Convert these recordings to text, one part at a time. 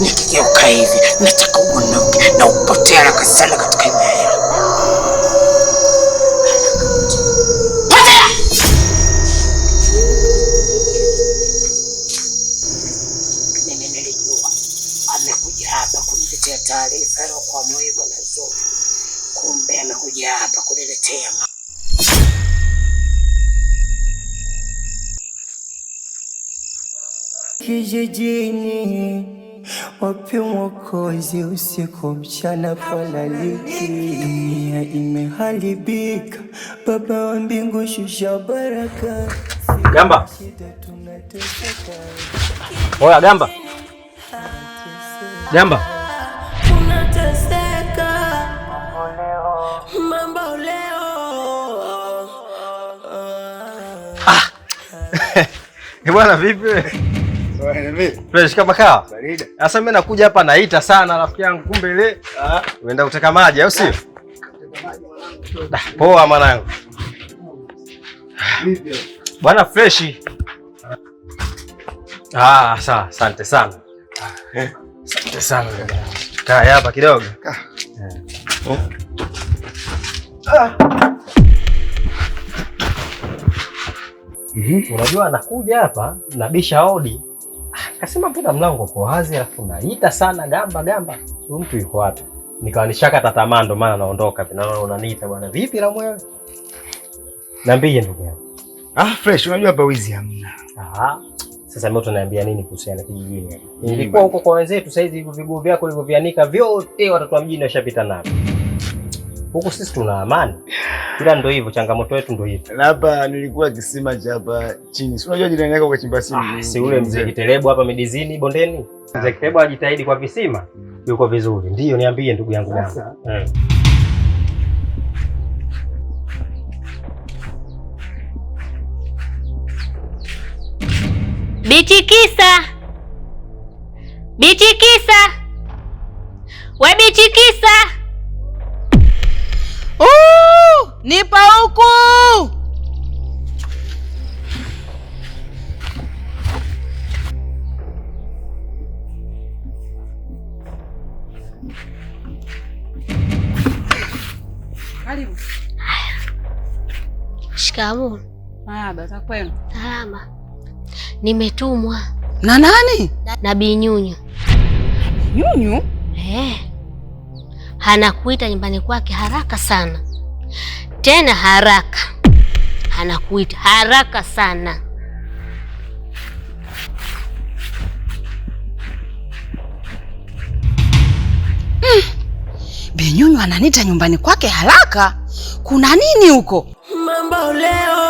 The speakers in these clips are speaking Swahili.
nikigeuka hivi, nataka uondoke na upotee haraka sana katika imaya yako. kwa mwigo na zuri, kumbe amekuja hapa kuniletea kijijini wape Mwokozi usiku mchana palaliki. Dunia imeharibika, Baba wa mbingu shusha baraka. Gamba oya, Gamba Gamba, Ah, eh, bwana vipi? Fresh kama kawa. Sasa mimi nakuja hapa naita sana rafiki yangu, kumbe ile ah. uenda kuteka maji au sio? Ah. Poa mwanangu. Bwana Fresh. Ah, sawa, asante sana. Asante sana. Kaa hapa kidogo. Eh. Ah. Mm-hmm. Unajua nakuja hapa nabisha hodi Kasema mbona mlango uko wazi alafu naita sana gamba gamba. Huyu mtu yuko wapi? Nikawa nishaka tatamaa ndo maana naondoka. Naona unaniita bwana. Vipi la mwewe? Niambie ndugu yangu. Ah, fresh unajua hapa wizi hamna. Ah. Sasa mimi tunaniambia nini kuhusiana kijijini? Nilikuwa huko kwa wenzetu, saizi hivi hivyo viguu vyako ulivyovianika vyote watoto wa mjini washapita navyo huku sisi tuna amani, ila ndo hivyo, changamoto yetu ndo hivyo. Hapa nilikuwa kisima cha hapa chini, si unajua jirani yako kachimba simu. Ah, si ule mzee Kitelebo hapa midizini bondeni, mzee Kitelebo ajitahidi kwa visima, hmm. yuko vizuri. Ndio niambie ndugu yangu bwana hmm. Bichikisa, bichikisa, we bichikisa Nipa huku. Shikamu. Marahaba, za kwenu? Salama. Nimetumwa na nani? Na Bi Nyunyu. Nyunyu? Eh. Anakuita nyumbani kwake haraka sana tena haraka, anakuita haraka sana. Mm. Benyonyo ananita nyumbani kwake haraka, kuna nini huko? Mambo leo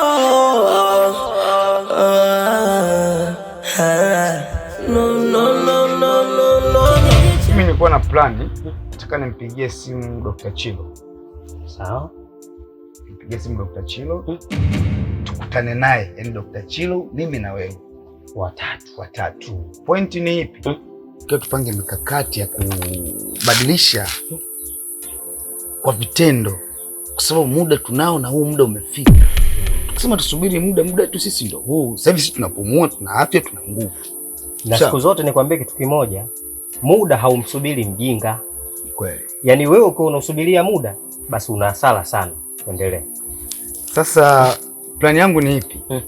mimi nilikuwa na plani, nataka nimpigie simu Dr. Chilo. Sawa. Mpigia simu Dr. Chilo hmm. tukutane naye, yani Dr. Chilo, mimi na wewe watatu watatu. Pointi ni ipi? mm. Kwa tupange mikakati ya kubadilisha kwa vitendo, kwa sababu muda tunao na huu muda umefika. Tukisema tusubiri muda muda tu sisi ndio huu sasa hivi, sisi tunapumua, tuna afya, tuna nguvu na siku zote. Nikwambie kitu kimoja, muda haumsubiri mjinga. Kweli. Yaani wewe ukiwa unasubiria muda basi una hasara sana. Endelea. Sasa plani yangu ni ipi? Hmm.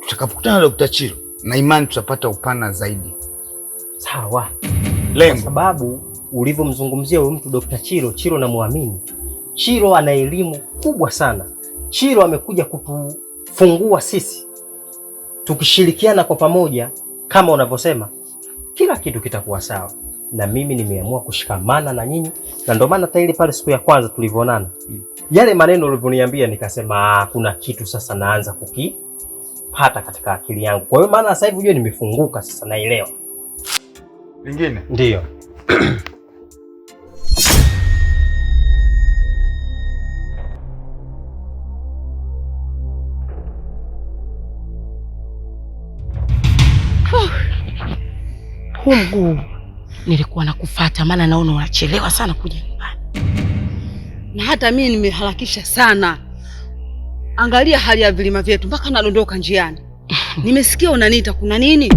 Tutakapokutana na Dr. Chilo na imani tutapata upana zaidi. Sawa. Lengo. Kwa sababu ulivyomzungumzia huyu mtu Dr. Chilo, Chilo namwamini. Chilo ana elimu kubwa sana. Chilo amekuja kutufungua sisi. Tukishirikiana kwa pamoja kama unavyosema, kila kitu kitakuwa sawa na mimi nimeamua kushikamana na nyinyi, na ndio maana tayari pale siku ya kwanza tulivyoonana, yale maneno ulivyoniambia, nikasema ah, kuna kitu sasa naanza kukipata katika akili yangu. Kwa hiyo maana sasa hivi unajua nimefunguka sasa, naelewa lingine ndio huu mguu nilikuwa kufata maana naona unachelewa sana kuja nyumbani, na hata mimi nimeharakisha sana. Angalia hali ya vilima vyetu, mpaka nadondoka njiani. Nimesikia unaniita, kuna nini?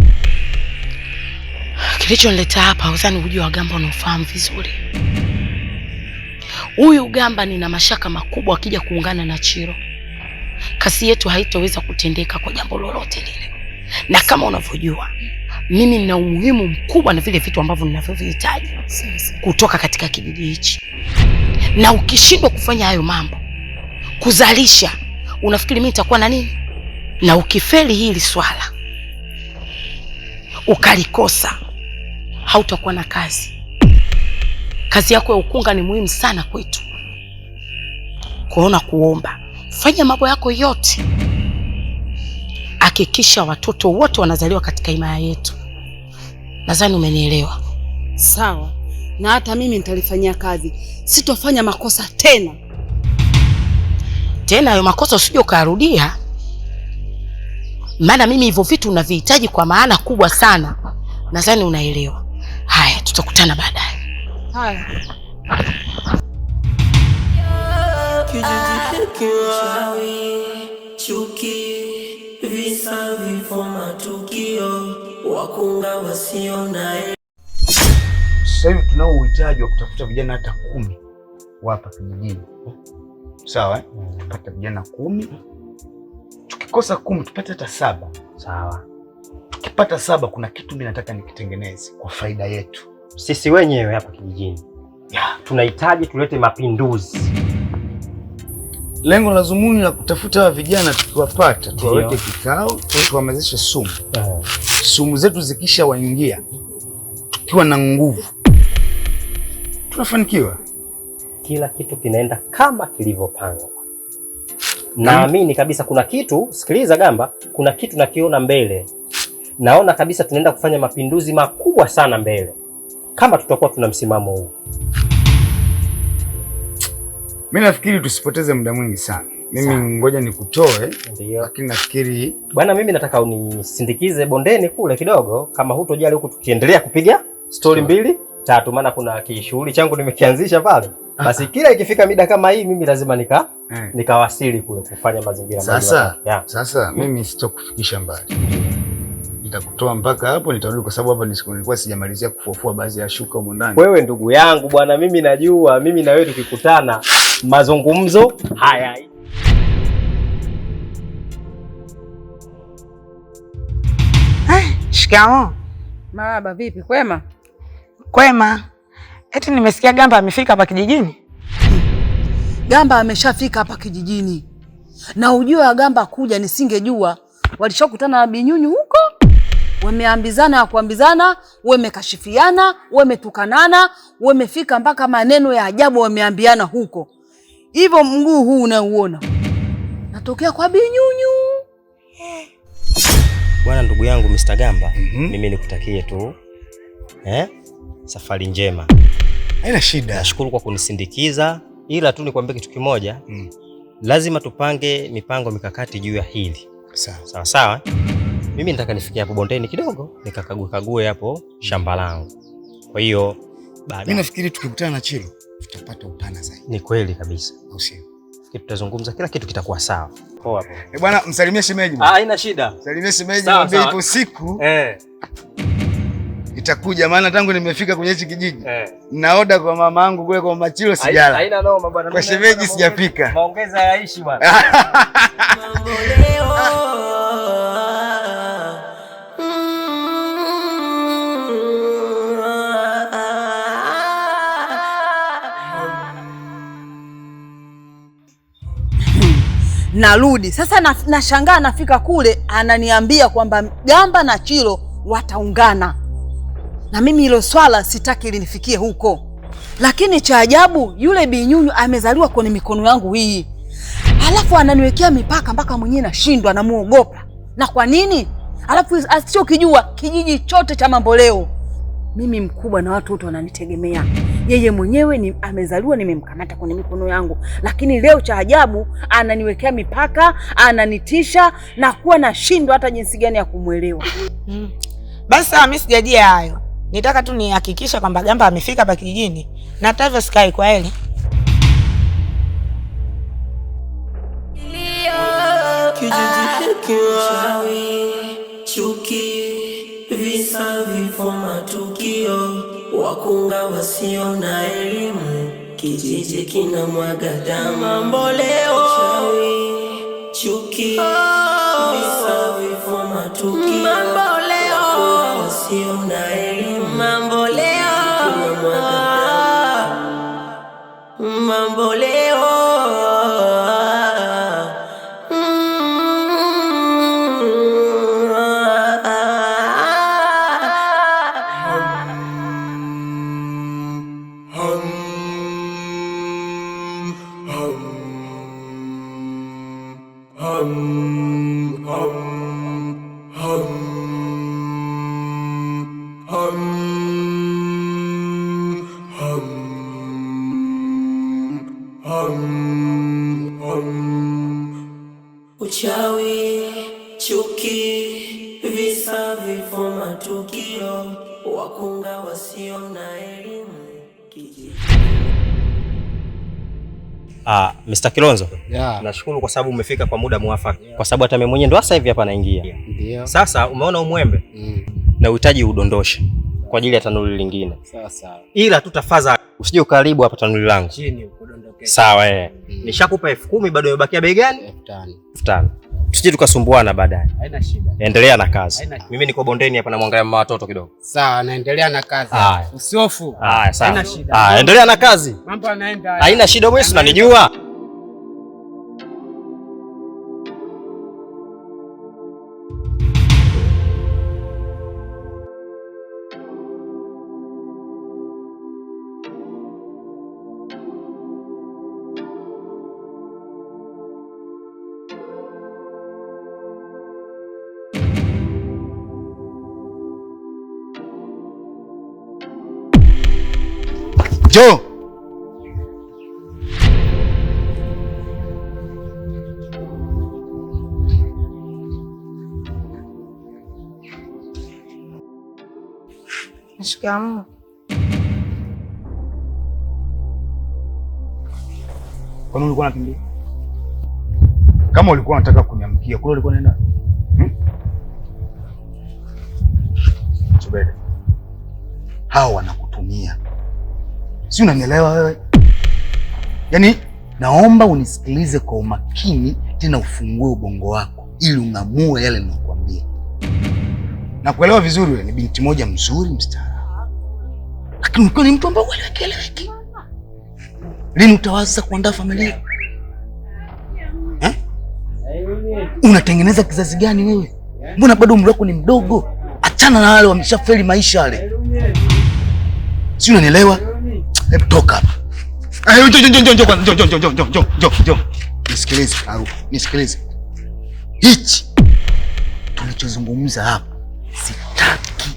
Kilichonileta hapa uzani ujio wa Gamba unaofahamu vizuri. Huyu Gamba nina mashaka makubwa, akija kuungana na Chiro kasi yetu haitoweza kutendeka kwa jambo lolote lile, na kama unavyojua mimi nina umuhimu mkubwa na vile vitu ambavyo ninavyovihitaji kutoka katika kijiji hichi, na ukishindwa kufanya hayo mambo kuzalisha, unafikiri mimi nitakuwa na nini? Na ukifeli hili swala ukalikosa, hautakuwa na kazi. Kazi yako ya ukunga ni muhimu sana kwetu, kuona kuomba, fanya mambo yako yote hakikisha watoto wote wanazaliwa katika imaya yetu. Nadhani umenielewa. Sawa, na hata mimi nitalifanyia kazi, sitofanya makosa tena tena. Hayo makosa usije ukarudia, maana mimi hivyo vitu unavihitaji kwa maana kubwa sana. Nadhani unaelewa. Haya, tutakutana baadaye. Haya. Kijiji kikiwa chuki kisa, vifo, matukio, wakunga wasio na sasa hivi tunao uhitaji wa kutafuta vijana hata kumi wapa kijijini, sawa eh? Tupate vijana kumi, tukikosa kumi tupate hata saba, sawa. Tukipata saba, kuna kitu mimi nataka nikitengeneze kwa faida yetu sisi wenyewe hapa kijijini, yeah. Tunahitaji tulete mapinduzi lengo la zumuni la kutafuta hawa vijana tukiwapata, tuwaweke kikao, tuwamezeshe sumu. Eh. Sumu zetu zikisha waingia, tukiwa na nguvu, tunafanikiwa. Kila kitu kinaenda kama kilivyopangwa. Naamini kabisa kuna kitu, sikiliza Gamba, kuna kitu nakiona mbele. Naona kabisa tunaenda kufanya mapinduzi makubwa sana mbele, kama tutakuwa tuna msimamo huu. Mimi nafikiri tusipoteze muda mwingi sana. Mimi ngoja nikutoe, lakini nafikiri bwana, mimi nataka unisindikize bondeni kule kidogo, kama hutojali huku, tukiendelea kupiga stori mbili tatu, maana kuna kishughuli changu nimekianzisha pale. Ah. Basi kila ikifika mida kama hii, mimi lazima nika eh, nikawasili kule kufanya mazingira sasa. Yeah. Sasa mimi sitokufikisha mbali, nitakutoa mpaka hapo, nitarudi kwa sababu hapa nilikuwa sijamalizia kufufua baadhi ya shuka huko ndani. Wewe ndugu yangu bwana, mimi najua, mimi na wewe tukikutana mazungumzo haya. Eh, Shikamo. Maraba, vipi? Kwema? Kwema. Eti nimesikia Gamba amefika hapa kijijini. Gamba ameshafika hapa kijijini, na ujua wa Gamba kuja nisingejua. Walishakutana na Binyunyu huko, wameambizana ya kuambizana, wamekashifiana, wametukanana, wamefika mpaka maneno ya ajabu wameambiana huko hivyo mguu huu unauona natokea kwa Binyunyu. Bwana ndugu yangu Mr. Gamba, mm -hmm. Mimi nikutakie tu eh, safari njema. Haina shida. Nashukuru kwa kunisindikiza, ila tu nikwambie kitu kimoja mm. Lazima tupange mipango mikakati juu ya hili sawa sawa sawa. Mimi nataka nifikie hapo bondeni kidogo nikakague kague hapo shamba langu, kwa hiyo baada mimi nafikiri tukikutana na Chilo tutapata upana zaidi. Ni kweli kabisa, au sio? Tutazungumza kila kitu kitakuwa sawa. Poa poa. Eh, bwana msalimie shemeji. Ah, haina shida. Msalimie shemeji mwambie ipo siku. Eh. Itakuja maana tangu nimefika kwenye hichi kijiji eh, naoda kwa mama angu kule kwa machilo sijala. Haina noma bwana. Kwa shemeji sijapika. Maongeza yaishi bwana. narudi sasa na, nashangaa nafika kule ananiambia kwamba Gamba na Chilo wataungana, na mimi hilo swala sitaki linifikie huko. Lakini cha ajabu yule Binyunyu amezaliwa kwenye mikono yangu hii, alafu ananiwekea mipaka mpaka mwenyewe nashindwa, namuogopa. Na kwa nini? Alafu asichokijua kijiji chote cha Mamboleo, mimi mkubwa na watu wote wananitegemea yeye mwenyewe ni amezaliwa, nimemkamata kwenye mikono yangu, lakini leo cha ajabu ananiwekea mipaka, ananitisha na kuwa nashindwa hata jinsi gani ya kumwelewa. Hmm. Basi sawa, ah, mimi sijajia hayo, nitaka tu nihakikisha kwamba Gamba amefika hapa kijijini na Tavio Sky kwa heli Kijiji, ah, chuki, visa, vifo, matukio wakunga wasio na elimu, kijiji kina mwaga damu, mboleo, chawi chuki, visa, oh. vifo, matuki, mamboleo, wakunga wasio na elimu, mamboleo, ah. mamboleo chuki, visa, vifo, matukio, wakunga wasio na elimu Ah, Mr. Kilonzo. Yeah. Nashukuru kwa sababu umefika kwa muda mwafaka. Yeah. Kwa sababu hata mimi mwenyewe ndo sasa hivi hapa naingia. Yeah. Sasa umeona umwembe? Mm. Na uhitaji udondoshe kwa ajili ya tanuli lingine. Sasa. Ila tu tafadhali usije ukaribu hapa tanuli langu. Chini ukudondoke. Sawa eh. Mm. Nishakupa elfu kumi bado imebakia bei gani? elfu tano. elfu tano tusije tukasumbuana baadaye. Haina shida. Endelea na kazi. Mimi niko bondeni hapa namwangalia mama watoto kidogo. Sawa, naendelea na kazi. Usihofu. Haya, sawa. Haina shida. endelea na kazi. Mambo yanaenda. Haina shida, wewe unanijua. njoo. Shikamoo. Kwa nini ulikuwa unakimbia? Kama ulikuwa unataka kuniamkia, kwa nini ulikuwa unaenda? Hmm? Hao wanakutumia si unanielewa wewe? Yaani naomba unisikilize kwa umakini tena, ufungue ubongo wako ili ung'amue yale ninayokuambia. Nakuelewa vizuri, wewe ni binti moja mzuri mstaarabu, lakini ukiwa ni mtu ambaye hueleweki, lini utawaza kuandaa familia eh? Unatengeneza kizazi gani wewe? Mbona bado umri wako ni mdogo? Achana na wale wameshafeli maisha wale, si unanielewa? Hebu toka hapa. Njoo, njoo, njoo, njoo, njoo, njoo, njoo, njoo, Nisikilize au nisikilize. Hichi tunachozungumza hapa sitaki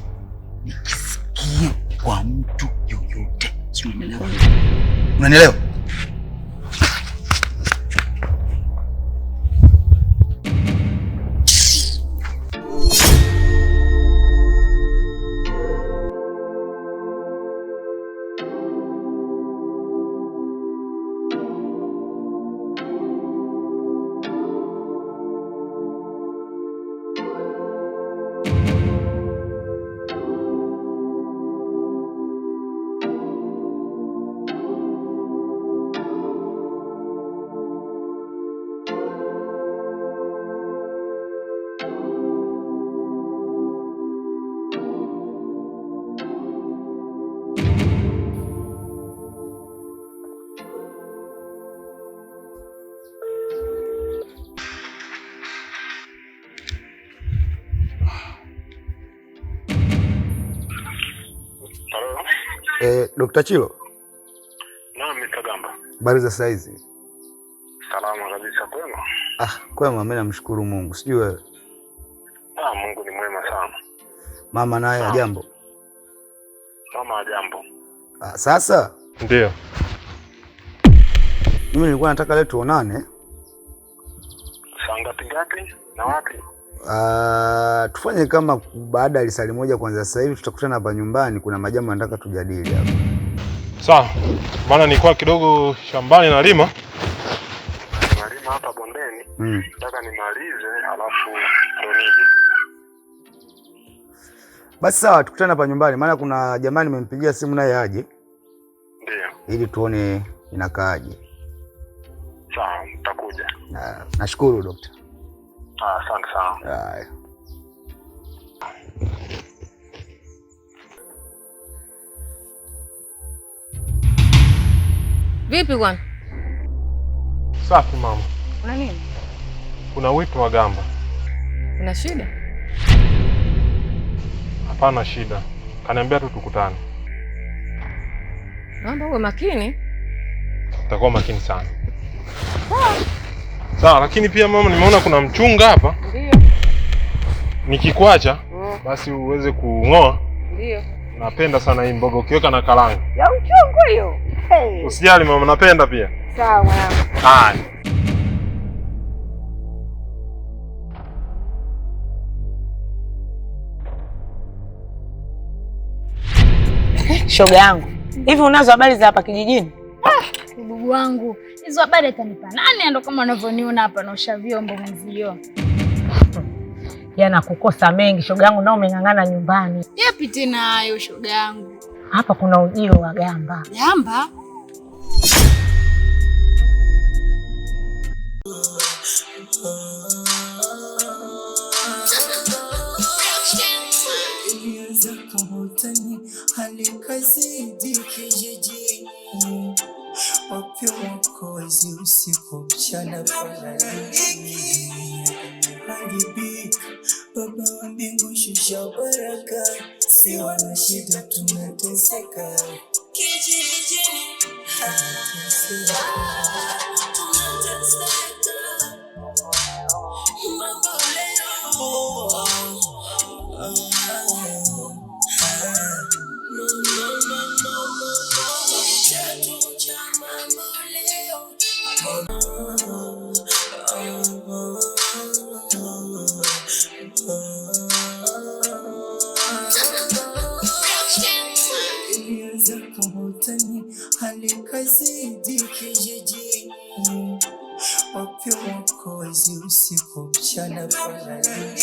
nikisikie kwa mtu yoyote. Unanielewa? Eh, Dr. Chilo. Naam, Mr. Gamba. Habari za saizi? Salama kabisa, kwema? Ah, kwema, mimi namshukuru Mungu. Sijui wewe. Ah, Mungu ni mwema sana. Mama naye ah. ajambo Mama ajambo Ah, sasa? Ndio. Mimi nilikuwa nataka leo tuonane. Saa ngapi ngapi na wapi? Uh, tufanye kama baada ya saa moja kwanza. Sasa hivi tutakutana hapa nyumbani, kuna majambo nataka tujadili hapa. Sawa, maana nilikuwa kidogo shambani na lima nalima hapa bondeni, mm. nataka nimalize alafu ndo nije. Basi sawa, tukutane hapa nyumbani, maana kuna jamaa nimempigia simu naye aje, ndio ili tuone inakaaje. Sawa, nitakuja. Nashukuru na Asante ah, sana. Haya. Vipi bwana? Safi mama. Kuna nini? Kuna wito wa gamba. Kuna shida? Hapana shida, kaniambia tu tukutane. Naomba uwe makini. Utakuwa makini sana. Ah. Sawa, lakini pia mama, nimeona kuna mchunga hapa. Ndio. Nikikwacha mm. basi uweze kung'oa. Ndio. Napenda sana hii mboga ukiweka na karanga. Ya mchungu hiyo. Hey. Usijali mama, napenda pia. Sawa Haya. Shoga yangu, hivi unazo habari za hapa kijijini? Ah, Ububu wangu hizo habari atanipa nani? Ndo kama unavyoniona hapa naosha vyombo mwenzio. Yana kukosa mengi shoga yangu, nao umeng'ang'ana nyumbani. Yapi tena hayo shoga yangu? Hapa kuna ujio wa gamba gamba. Shana Pranaya.